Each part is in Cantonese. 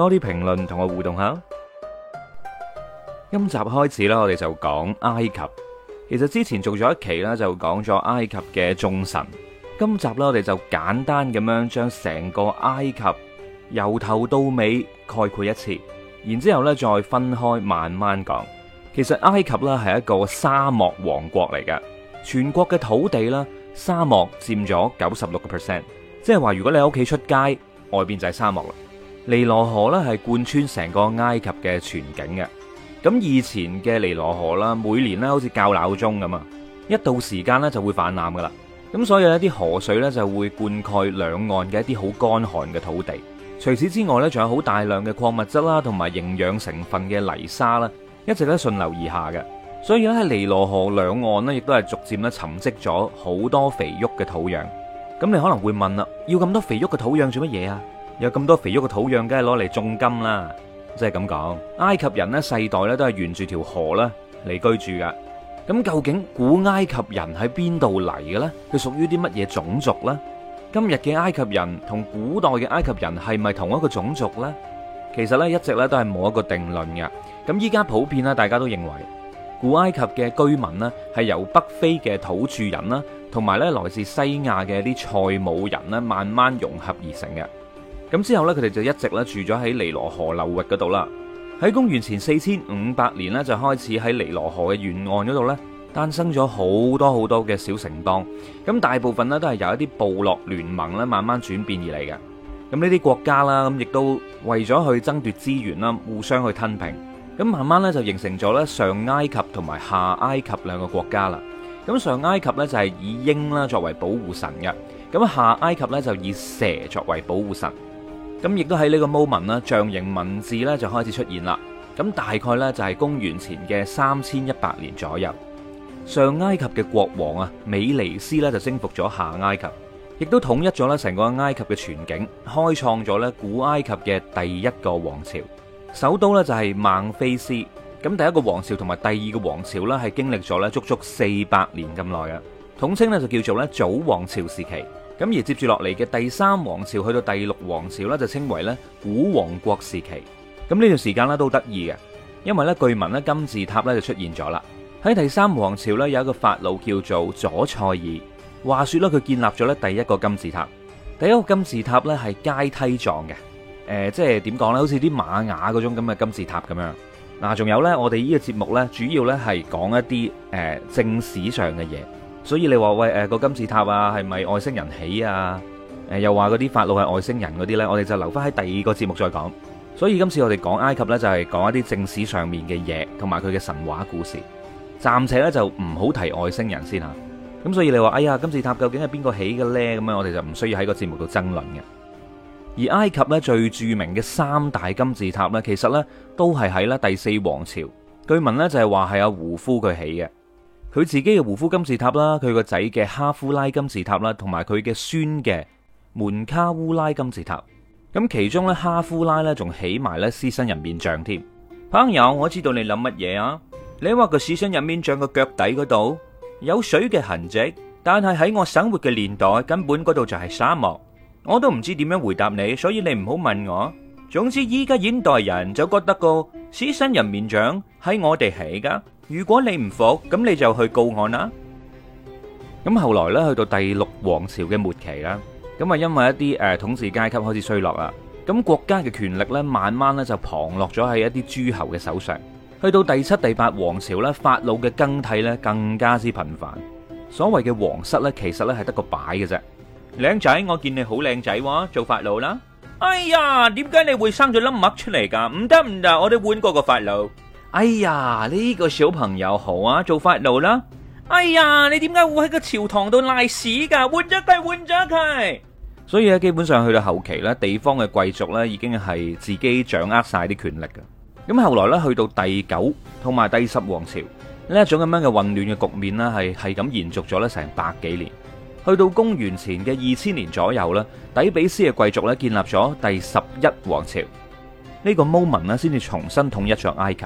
多啲評論同我互動下。今集開始啦，我哋就講埃及。其實之前做咗一期啦，就講咗埃及嘅眾神。今集咧，我哋就簡單咁樣將成個埃及由頭到尾概括一次，然之後咧再分開慢慢講。其實埃及咧係一個沙漠王國嚟嘅，全國嘅土地咧沙漠佔咗九十六個 percent，即係話如果你喺屋企出街，外邊就係沙漠啦。尼羅河咧係貫穿成個埃及嘅全景嘅，咁以前嘅尼羅河啦，每年咧好似較鬧鐘咁啊，一到時間咧就會泛濫噶啦，咁所以一啲河水咧就會灌溉兩岸嘅一啲好乾旱嘅土地。除此之外咧，仲有好大量嘅礦物質啦，同埋營養成分嘅泥沙啦，一直咧順流而下嘅，所以咧喺尼羅河兩岸呢，亦都係逐漸咧沉積咗好多肥沃嘅土壤。咁你可能會問啦，要咁多肥沃嘅土壤做乜嘢啊？有咁多肥沃嘅土壤，梗係攞嚟種金啦，即係咁講。埃及人呢世代呢都係沿住條河啦嚟居住噶。咁究竟古埃及人喺邊度嚟嘅呢？佢屬於啲乜嘢種族呢？今日嘅埃及人同古代嘅埃及人係咪同一個種族呢？其實呢，一直呢都係冇一個定論嘅。咁依家普遍呢，大家都認為古埃及嘅居民呢係由北非嘅土著人啦，同埋呢來自西亞嘅啲塞姆人呢慢慢融合而成嘅。咁之後呢，佢哋就一直咧住咗喺尼羅河流域嗰度啦。喺公元前四千五百年呢，就開始喺尼羅河嘅沿岸嗰度呢，誕生咗好多好多嘅小城邦。咁大部分呢，都係由一啲部落聯盟咧慢慢轉變而嚟嘅。咁呢啲國家啦，咁亦都為咗去爭奪資源啦，互相去吞併。咁慢慢呢，就形成咗咧上埃及同埋下埃及兩個國家啦。咁上埃及呢，就係以鷹啦作為保護神嘅，咁下埃及呢，就以蛇作為保護神。咁亦都喺呢個 moment，呢象形文字呢就開始出現啦。咁大概呢，就係公元前嘅三千一百年左右，上埃及嘅國王啊美尼斯呢，就征服咗下埃及，亦都統一咗呢成個埃及嘅全境，開創咗呢古埃及嘅第一個王朝，首都呢，就係孟菲斯。咁第一個王朝同埋第二個王朝呢，係經歷咗呢足足四百年咁耐啊，統稱呢，就叫做呢早王朝時期。咁而接住落嚟嘅第三王朝去到第六王朝呢，就稱為咧古王國時期。咁呢段時間咧都得意嘅，因為咧據聞咧金字塔咧就出現咗啦。喺第三王朝呢，有一個法老叫做佐塞爾，話說呢，佢建立咗咧第一個金字塔。第一個金字塔咧係階梯狀嘅，誒、呃、即係點講呢？好似啲瑪雅嗰種咁嘅金字塔咁樣。嗱，仲有呢，我哋呢個節目呢，主要呢係講一啲誒正史上嘅嘢。所以你話喂，誒、嗰個金字塔啊，係咪外星人起啊？誒又話嗰啲法老係外星人嗰啲呢，我哋就留翻喺第二個節目再講。所以今次我哋講埃及呢，就係、是、講一啲正史上面嘅嘢，同埋佢嘅神話故事。暫且咧就唔好提外星人先吓、啊。咁所以你話哎呀金字塔究竟係邊個起嘅呢？咁咧我哋就唔需要喺個節目度爭論嘅。而埃及呢，最著名嘅三大金字塔呢，其實呢，都係喺咧第四王朝。據聞呢，就係話係阿胡夫佢起嘅。佢自己嘅胡夫金字塔啦，佢個仔嘅哈夫拉金字塔啦，同埋佢嘅孫嘅門卡烏拉金字塔。咁其中咧，哈夫拉咧仲起埋咧獅身人面像添。朋友，我知道你諗乜嘢啊？你話個獅身人面像個腳底嗰度有水嘅痕跡，但係喺我生活嘅年代，根本嗰度就係沙漠，我都唔知點樣回答你，所以你唔好問我。總之，依家現代人就覺得個獅身人面像係我哋起㗎。如果你唔服，咁你就去告案啦。咁後來咧，去到第六王朝嘅末期啦，咁啊，因為一啲誒統治階級開始衰落啦，咁國家嘅權力咧，慢慢咧就旁落咗喺一啲諸侯嘅手上。去到第七、第八王朝咧，法老嘅更替咧更加之頻繁。所謂嘅皇室咧，其實咧係得個擺嘅啫。靚仔，我見你好靚仔喎，做法老啦。哎呀，點解你會生咗粒癦出嚟噶？唔得唔得，我哋換過個法老。哎呀，呢個小朋友好啊，做法老啦！哎呀，你點解會喺個朝堂度賴屎噶？換咗佢，換咗佢。所以咧，基本上去到後期咧，地方嘅貴族咧已經係自己掌握晒啲權力噶。咁後來咧，去到第九同埋第十王朝呢一種咁樣嘅混亂嘅局面咧，係係咁延續咗咧成百幾年。去到公元前嘅二千年左右啦，底比斯嘅貴族咧建立咗第十一王朝，呢個 moment 咧先至重新統一咗埃及。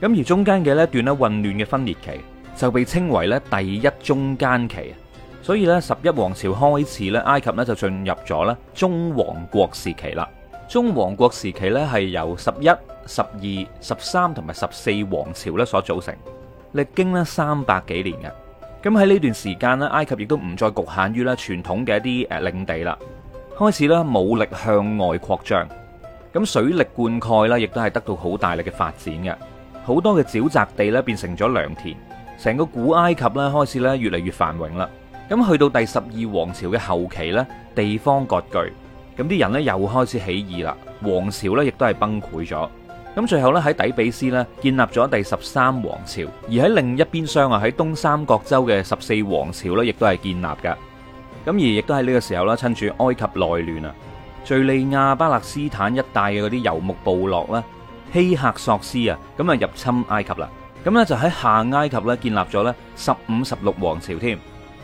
咁而中間嘅呢一段咧混亂嘅分裂期，就被稱為咧第一中間期。所以咧十一王朝開始咧，埃及咧就進入咗咧中王國時期啦。中王國時期咧係由十一、十二、十三同埋十四王朝咧所組成，歷經咧三百幾年嘅。咁喺呢段時間咧，埃及亦都唔再局限於咧傳統嘅一啲誒領地啦，開始咧武力向外擴張。咁水力灌溉咧亦都係得到好大力嘅發展嘅。好多嘅沼澤地咧變成咗良田，成個古埃及咧開始咧越嚟越繁榮啦。咁去到第十二王朝嘅後期咧，地方割據，咁啲人咧又開始起義啦，王朝咧亦都係崩潰咗。咁最後咧喺底比斯咧建立咗第十三王朝，而喺另一邊廂啊喺東三角洲嘅十四王朝咧亦都係建立噶。咁而亦都喺呢個時候啦，趁住埃及內亂啊，敘利亞、巴勒斯坦一帶嘅嗰啲游牧部落咧。希克索斯啊，咁啊入侵埃及啦，咁呢，就喺下埃及咧建立咗咧十五十六王朝添，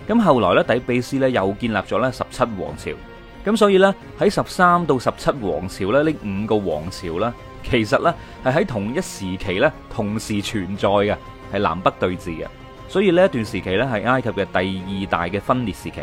咁後來咧底比斯咧又建立咗咧十七王朝，咁所以呢，喺十三到十七王朝咧呢五個王朝呢，其實呢，係喺同一時期呢，同時存在嘅，係南北對峙嘅，所以呢一段時期呢，係埃及嘅第二大嘅分裂時期，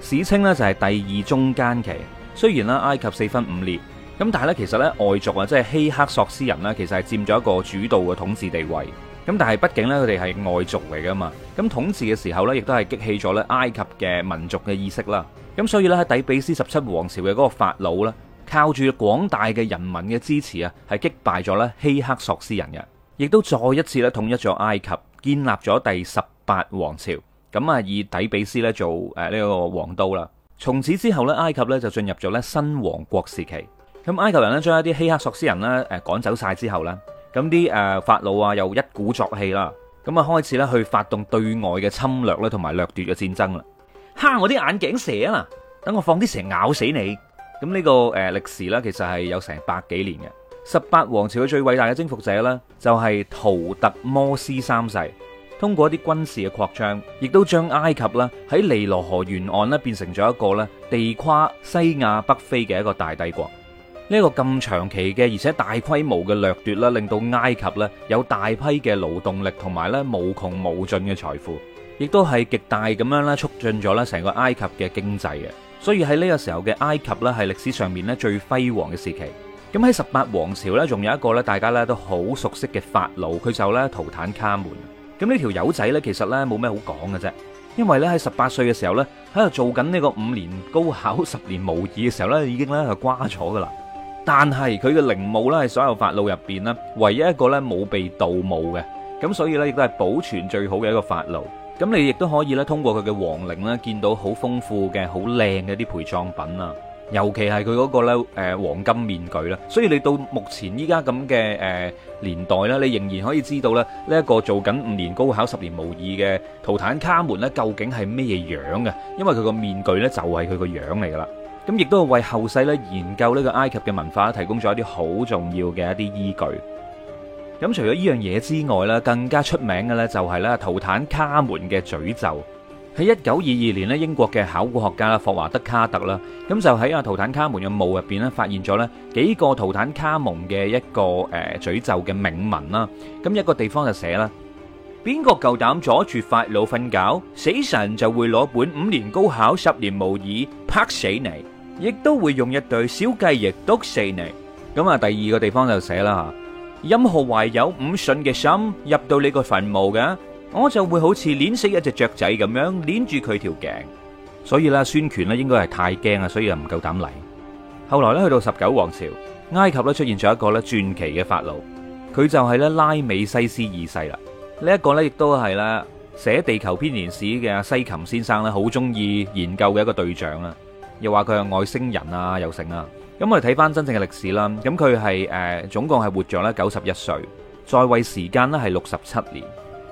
史稱呢，就係第二中間期。雖然咧埃及四分五裂，咁但係咧，其實咧外族啊，即係希克索斯人啦，其實係佔咗一個主導嘅統治地位。咁但係畢竟咧，佢哋係外族嚟噶嘛。咁統治嘅時候咧，亦都係激起咗咧埃及嘅民族嘅意識啦。咁所以咧喺底比斯十七王朝嘅嗰個法老咧，靠住廣大嘅人民嘅支持啊，係擊敗咗咧希克索斯人嘅，亦都再一次咧統一咗埃及，建立咗第十八王朝。咁啊，以底比斯咧做誒呢個王都啦。從此之後咧，埃及咧就進入咗咧新王國時期。咁埃及人咧，將一啲希克索斯人咧，誒趕走晒之後咧，咁啲誒法老啊，又一鼓作氣啦，咁啊開始咧去發動對外嘅侵略咧，同埋掠奪嘅戰爭啦。嚇我啲眼鏡蛇啊！等我放啲蛇咬死你。咁呢個誒歷史咧，其實係有成百幾年嘅。十八王朝嘅最偉大嘅征服者咧，就係圖特摩斯三世，通過一啲軍事嘅擴張，亦都將埃及咧喺尼羅河沿岸咧變成咗一個咧地跨西亞北非嘅一個大帝國。呢一個咁長期嘅，而且大規模嘅掠奪啦，令到埃及咧有大批嘅勞動力同埋咧無窮無盡嘅財富，亦都係極大咁樣啦，促進咗咧成個埃及嘅經濟嘅。所以喺呢個時候嘅埃及咧，係歷史上面咧最輝煌嘅時期。咁喺十八王朝咧，仲有一個咧，大家咧都好熟悉嘅法老，佢就咧圖坦卡門。咁呢條友仔咧，其實咧冇咩好講嘅啫，因為咧喺十八歲嘅時候咧，喺度做緊呢個五年高考十年模擬嘅時候咧，已經咧係瓜咗噶啦。但係佢嘅陵墓咧，係所有法老入邊咧，唯一一個咧冇被盜墓嘅，咁所以咧亦都係保存最好嘅一個法老。咁你亦都可以咧通過佢嘅王陵咧見到好豐富嘅、好靚嘅一啲陪葬品啊，尤其係佢嗰個咧誒黃金面具啦。所以你到目前依家咁嘅誒年代咧，你仍然可以知道咧呢一個做緊五年高考十年模擬嘅圖坦卡門咧究竟係咩嘢樣嘅，因為佢個面具咧就係佢個樣嚟噶啦。咁亦都係為後世咧研究呢個埃及嘅文化咧提供咗一啲好重要嘅一啲依據。咁除咗呢樣嘢之外咧，更加出名嘅咧就係咧圖坦卡門嘅詛咒。喺一九二二年咧，英國嘅考古學家啦，霍華德卡特啦，咁就喺阿圖坦卡門嘅墓入邊咧發現咗咧幾個圖坦卡門嘅一個誒詛咒嘅銘文啦。咁一個地方就寫啦：邊個夠膽阻住法老瞓覺，死神就會攞本五年高考、十年模擬，拍死你！亦都會用一對小雞翼篤死你。咁啊，第二個地方就寫啦吓。任何懷有五順嘅心入到你個墳墓嘅，我就會好似捏死一隻雀仔咁樣捏住佢條頸。所以啦，孫權咧應該係太驚啊，所以又唔夠膽嚟。後來咧去到十九王朝，埃及咧出現咗一個咧傳奇嘅法老，佢就係咧拉美西斯二世啦。呢一個咧亦都係啦寫地球編年史嘅阿西琴先生咧好中意研究嘅一個對象啦。又話佢係外星人啊，又成啊！咁我哋睇翻真正嘅歷史啦。咁佢係誒總共係活咗咧九十一歲，在位時間呢係六十七年。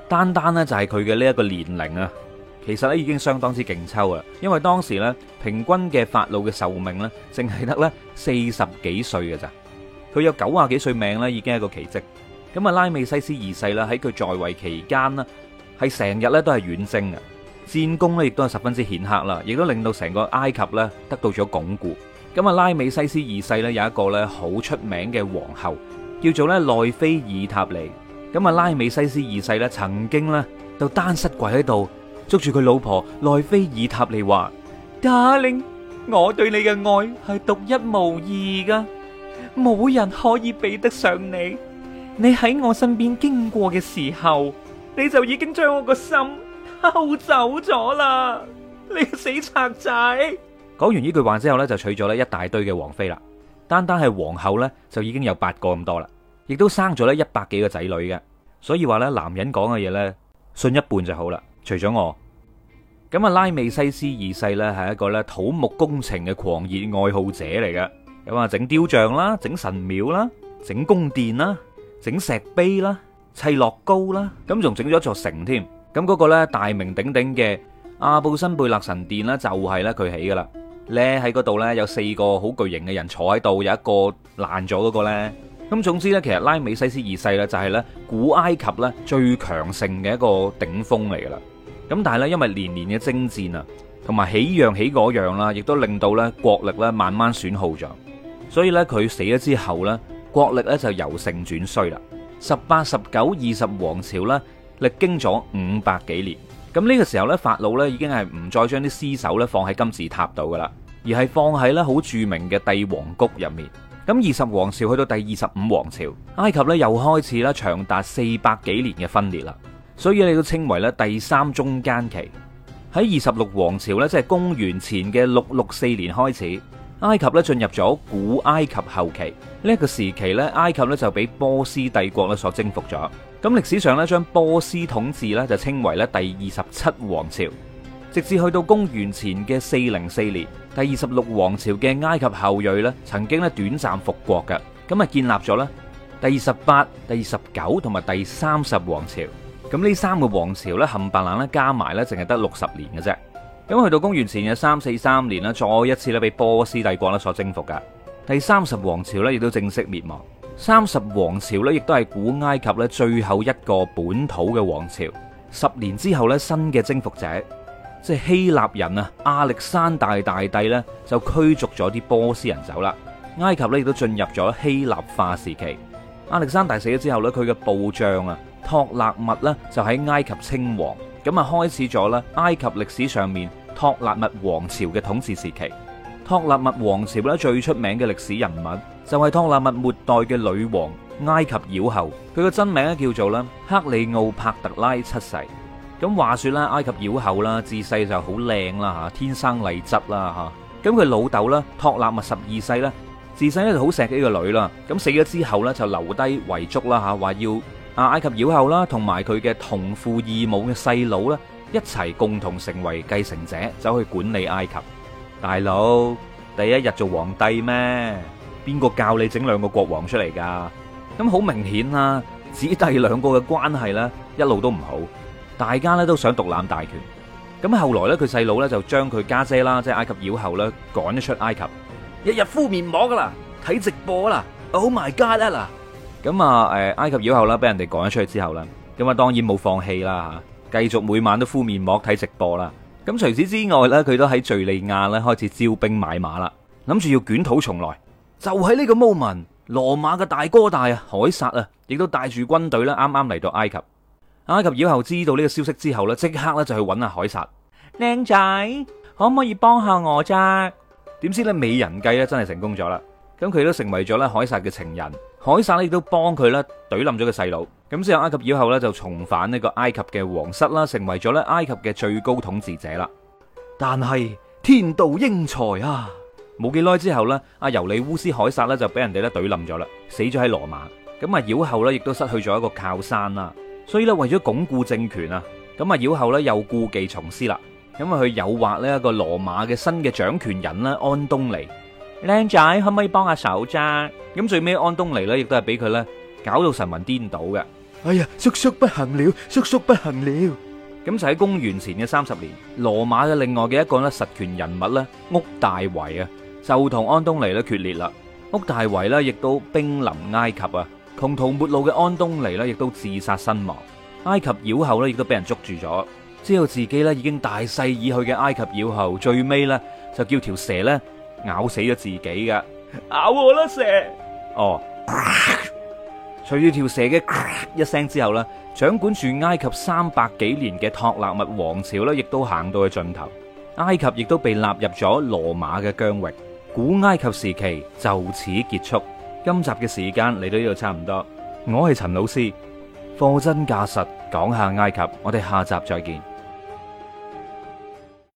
單單呢就係佢嘅呢一個年齡啊，其實呢已經相當之勁抽啊！因為當時呢，平均嘅法老嘅壽命呢，淨係得呢四十幾歲嘅咋。佢有九啊幾歲命呢，已經係個奇蹟。咁啊，拉美西斯二世啦，喺佢在位期間呢，係成日呢都係遠征嘅！戰功咧，亦都係十分之顯赫啦，亦都令到成個埃及咧得到咗鞏固。咁啊，拉美西斯二世咧有一個咧好出名嘅皇后，叫做咧奈菲爾塔尼。咁啊，拉美西斯二世咧曾經咧就單膝跪喺度，捉住佢老婆奈菲爾塔尼話：darling，我對你嘅愛係獨一無二噶，冇人可以比得上你。你喺我身邊經過嘅時候，你就已經將我個心。偷走咗啦！你死賊仔！講完呢句話之後咧，就娶咗咧一大堆嘅皇妃啦。單單係皇后咧，就已經有八個咁多啦，亦都生咗咧一百幾個仔女嘅。所以話咧，男人講嘅嘢咧，信一半就好啦。除咗我，咁啊，拉美西斯二世咧係一個咧土木工程嘅狂熱愛好者嚟嘅，有啊，整雕像啦，整神廟啦，整宮殿啦，整石碑啦，砌樂高啦，咁仲整咗一座城添。咁嗰個咧大名鼎鼎嘅阿布辛貝勒神殿咧就係咧佢起噶啦，咧喺嗰度咧有四個好巨型嘅人坐喺度，有一個爛咗嗰個咧。咁總之咧，其實拉美西斯二世咧就係咧古埃及咧最強盛嘅一個頂峰嚟噶啦。咁但係咧因為年年嘅征戰啊，同埋起樣起嗰樣啦，亦都令到咧國力咧慢慢損耗咗。所以咧佢死咗之後咧，國力咧就由盛轉衰啦。十八、十九、二十王朝咧。歷經咗五百幾年，咁呢個時候呢，法老呢已經係唔再將啲屍首呢放喺金字塔度噶啦，而係放喺呢好著名嘅帝王谷入面。咁二十王朝去到第二十五王朝，埃及呢又開始啦長達四百幾年嘅分裂啦。所以你都稱為咧第三中間期。喺二十六王朝呢，即係公元前嘅六六四年開始。埃及咧進入咗古埃及後期呢一個時期咧，埃及咧就俾波斯帝國咧所征服咗。咁歷史上咧將波斯統治咧就稱為咧第二十七王朝，直至去到公元前嘅四零四年，第二十六王朝嘅埃及後裔咧曾經咧短暫復國㗎，咁啊建立咗咧第二十八、第二十九同埋第三十王朝。咁呢三個王朝咧冚白冷咧加埋咧淨係得六十年嘅啫。因為去到公元前嘅三四三年啦，再一次咧被波斯帝國咧所征服噶。第三十王朝咧亦都正式滅亡。三十王朝咧亦都係古埃及咧最後一個本土嘅王朝。十年之後咧，新嘅征服者即係希臘人啊，亞歷山大大帝咧就驅逐咗啲波斯人走啦。埃及咧亦都進入咗希臘化時期。亞歷山大死咗之後咧，佢嘅部將啊托勒密咧就喺埃及稱王。咁啊，開始咗啦！埃及歷史上面托勒密王朝嘅統治時期，托勒密王朝咧最出名嘅歷史人物就係托勒密末代嘅女王埃及妖后，佢個真名咧叫做啦克里奧帕特拉七世。咁話說啦，埃及妖后啦，自細就好靚啦吓，天生麗質啦吓。咁佢老豆啦，托勒密十二世啦，自細咧就好錫呢個女啦。咁死咗之後咧，就留低遺囑啦吓，話要。阿埃及妖后啦，同埋佢嘅同父異母嘅細佬啦，一齊共同成為繼承者，走去管理埃及。大佬第一日做皇帝咩？邊個教你整兩個國王出嚟噶？咁好明顯啦，子弟兩個嘅關係咧，一路都唔好，大家咧都想獨攬大權。咁後來咧，佢細佬咧就將佢家姐啦，即係埃及妖后咧，趕咗出埃及，日日敷面膜噶啦，睇直播啦，Oh my God 啦！咁啊，誒，埃及妖后啦，俾人哋趕咗出去之後啦，咁啊，當然冇放棄啦吓，繼續每晚都敷面膜睇直播啦。咁除此之外咧，佢都喺敘利亞咧開始招兵買馬啦，諗住要捲土重來。就喺呢個 moment，羅馬嘅大哥大啊，凱撒啊，亦都帶住軍隊咧，啱啱嚟到埃及。埃及妖後知道呢個消息之後咧，即刻咧就去揾下凱撒，靚仔，可唔可以幫下我啫？點知咧，美人計咧真係成功咗啦。咁佢都成為咗咧凱撒嘅情人，凱撒咧亦都幫佢咧懟冧咗個細佬，咁之後埃及妖后咧就重返呢個埃及嘅皇室啦，成為咗咧埃及嘅最高統治者啦。但係天妒英才啊！冇幾耐之後咧，阿尤里烏斯凱撒咧就俾人哋咧懟冧咗啦，死咗喺羅馬。咁啊，妖后咧亦都失去咗一個靠山啦，所以咧為咗鞏固政權啊，咁啊妖后咧又故技重施啦，因為佢誘惑呢一個羅馬嘅新嘅掌權人啦，安東尼。靚仔可唔可以幫下手啫？咁最尾安東尼呢亦都係俾佢呢搞到神魂顛倒嘅。哎呀，叔叔不行了，叔叔不行了。咁就喺公元前嘅三十年，羅馬嘅另外嘅一個呢實權人物咧屋大維啊，就同安東尼呢決裂啦。屋大維呢亦都兵臨埃及啊，窮途末路嘅安東尼呢亦都自殺身亡。埃及妖后呢亦都俾人捉住咗，知道自己呢已經大勢已去嘅埃及妖后，最尾呢，就叫條蛇呢。咬死咗自己噶，咬我啦蛇！哦，隨着條蛇嘅、呃、一聲之後啦，掌管住埃及三百幾年嘅托勒密王朝啦，亦都行到去盡頭。埃及亦都被納入咗羅馬嘅疆域，古埃及時期就此結束。今集嘅時間嚟到呢度差唔多，我係陳老師，貨真價實講下埃及，我哋下集再見。